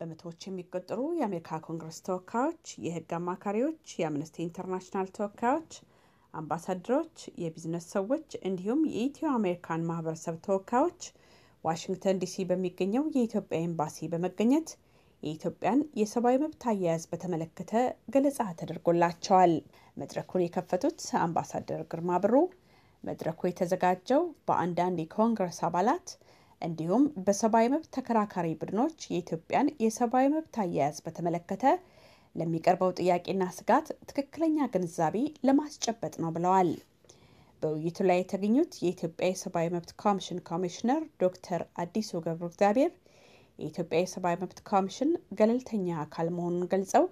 በመቶዎች የሚቆጠሩ የአሜሪካ ኮንግረስ ተወካዮች፣ የህግ አማካሪዎች፣ የአምነስቲ ኢንተርናሽናል ተወካዮች፣ አምባሳደሮች፣ የቢዝነስ ሰዎች እንዲሁም የኢትዮ አሜሪካን ማህበረሰብ ተወካዮች ዋሽንግተን ዲሲ በሚገኘው የኢትዮጵያ ኤምባሲ በመገኘት የኢትዮጵያን የሰብአዊ መብት አያያዝ በተመለከተ ገለጻ ተደርጎላቸዋል። መድረኩን የከፈቱት አምባሳደር ግርማ ብሩ መድረኩ የተዘጋጀው በአንዳንድ የኮንግረስ አባላት እንዲሁም በሰብአዊ መብት ተከራካሪ ቡድኖች የኢትዮጵያን የሰብአዊ መብት አያያዝ በተመለከተ ለሚቀርበው ጥያቄና ስጋት ትክክለኛ ግንዛቤ ለማስጨበጥ ነው ብለዋል። በውይይቱ ላይ የተገኙት የኢትዮጵያ የሰብአዊ መብት ኮሚሽን ኮሚሽነር ዶክተር አዲሱ ገብሩ እግዚአብሔር የኢትዮጵያ የሰብአዊ መብት ኮሚሽን ገለልተኛ አካል መሆኑን ገልጸው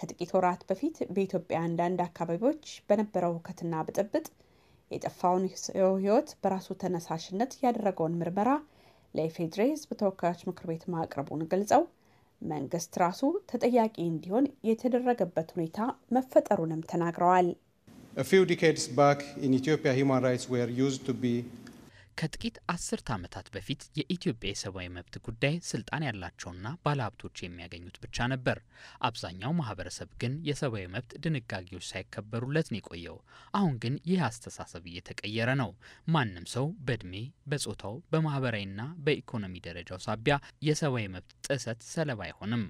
ከጥቂት ወራት በፊት በኢትዮጵያ አንዳንድ አካባቢዎች በነበረው ሁከትና ብጥብጥ የጠፋውን ሰው ሕይወት በራሱ ተነሳሽነት ያደረገውን ምርመራ ለኢፌዴሪ ህዝብ ተወካዮች ምክር ቤት ማቅረቡን ገልጸው መንግስት ራሱ ተጠያቂ እንዲሆን የተደረገበት ሁኔታ መፈጠሩንም ተናግረዋል። A few decades back in Ethiopia, human rights were used to be ከጥቂት አስርት ዓመታት በፊት የኢትዮጵያ የሰብአዊ መብት ጉዳይ ስልጣን ያላቸውና ባለሀብቶች የሚያገኙት ብቻ ነበር። አብዛኛው ማህበረሰብ ግን የሰብአዊ መብት ድንጋጌዎች ሳይከበሩለት ነው የቆየው። አሁን ግን ይህ አስተሳሰብ እየተቀየረ ነው። ማንም ሰው በእድሜ፣ በጾታው፣ በማህበራዊና በኢኮኖሚ ደረጃው ሳቢያ የሰብአዊ መብት ጥሰት ሰለባ አይሆንም።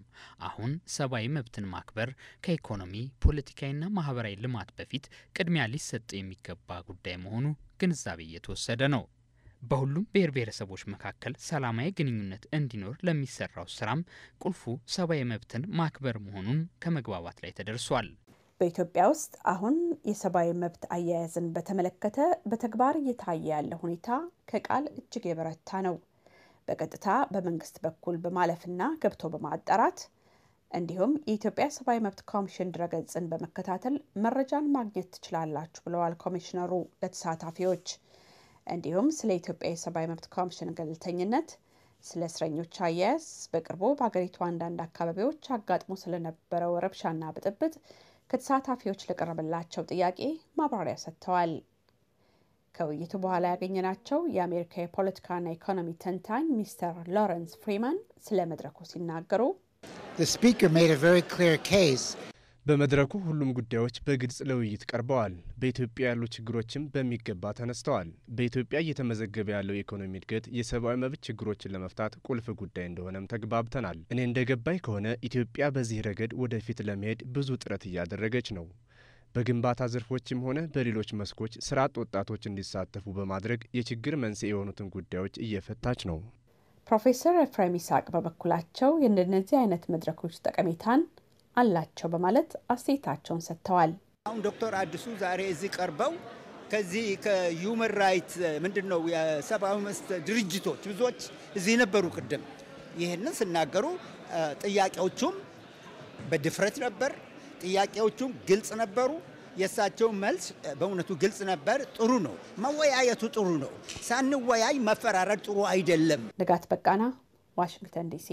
አሁን ሰብአዊ መብትን ማክበር ከኢኮኖሚ ፖለቲካዊና ማህበራዊ ልማት በፊት ቅድሚያ ሊሰጥ የሚገባ ጉዳይ መሆኑ ግንዛቤ እየተወሰደ ነው። በሁሉም ብሔር ብሔረሰቦች መካከል ሰላማዊ ግንኙነት እንዲኖር ለሚሰራው ስራም ቁልፉ ሰብአዊ መብትን ማክበር መሆኑን ከመግባባት ላይ ተደርሷል። በኢትዮጵያ ውስጥ አሁን የሰብአዊ መብት አያያዝን በተመለከተ በተግባር እየታየ ያለ ሁኔታ ከቃል እጅግ የበረታ ነው። በቀጥታ በመንግስት በኩል በማለፍና ገብቶ በማጣራት እንዲሁም የኢትዮጵያ ሰብአዊ መብት ኮሚሽን ድረገጽን በመከታተል መረጃን ማግኘት ትችላላችሁ ብለዋል ኮሚሽነሩ ለተሳታፊዎች። እንዲሁም ስለ ኢትዮጵያ የሰብአዊ መብት ኮሚሽን ገለልተኝነት፣ ስለ እስረኞች አያያዝ፣ በቅርቡ በሀገሪቱ አንዳንድ አካባቢዎች አጋጥሞ ስለነበረው ረብሻና ብጥብጥ ከተሳታፊዎች ለቀረበላቸው ጥያቄ ማብራሪያ ሰጥተዋል። ከውይይቱ በኋላ ያገኘናቸው የአሜሪካ የፖለቲካና ኢኮኖሚ ተንታኝ ሚስተር ሎረንስ ፍሪማን ስለ መድረኩ ሲናገሩ በመድረኩ ሁሉም ጉዳዮች በግልጽ ለውይይት ቀርበዋል። በኢትዮጵያ ያሉ ችግሮችም በሚገባ ተነስተዋል። በኢትዮጵያ እየተመዘገበ ያለው የኢኮኖሚ እድገት የሰብአዊ መብት ችግሮችን ለመፍታት ቁልፍ ጉዳይ እንደሆነም ተግባብተናል። እኔ እንደገባኝ ከሆነ ኢትዮጵያ በዚህ ረገድ ወደፊት ለመሄድ ብዙ ጥረት እያደረገች ነው። በግንባታ ዘርፎችም ሆነ በሌሎች መስኮች ስራ አጥ ወጣቶች እንዲሳተፉ በማድረግ የችግር መንስኤ የሆኑትን ጉዳዮች እየፈታች ነው። ፕሮፌሰር ኤፍሬም ይስሐቅ በበኩላቸው የእነዚህ አይነት መድረኮች ጠቀሜታን አላቸው በማለት አስተያየታቸውን ሰጥተዋል። አሁን ዶክተር አዲሱ ዛሬ እዚህ ቀርበው ከዚህ ከዩመን ራይት ምንድን ነው የሰብአዊ መብት ድርጅቶች ብዙዎች እዚህ ነበሩ። ቅድም ይህንን ስናገሩ ጥያቄዎቹም በድፍረት ነበር። ጥያቄዎቹም ግልጽ ነበሩ። የእሳቸው መልስ በእውነቱ ግልጽ ነበር። ጥሩ ነው መወያየቱ፣ ጥሩ ነው። ሳንወያይ መፈራረድ ጥሩ አይደለም። ንጋት በቃና፣ ዋሽንግተን ዲሲ